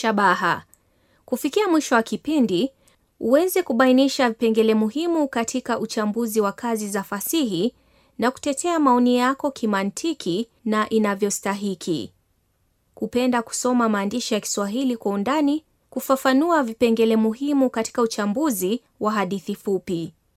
shabaha. Kufikia mwisho wa kipindi, uweze kubainisha vipengele muhimu katika uchambuzi wa kazi za fasihi na kutetea maoni yako kimantiki na inavyostahiki. Kupenda kusoma maandishi ya Kiswahili kwa undani, kufafanua vipengele muhimu katika uchambuzi wa hadithi fupi.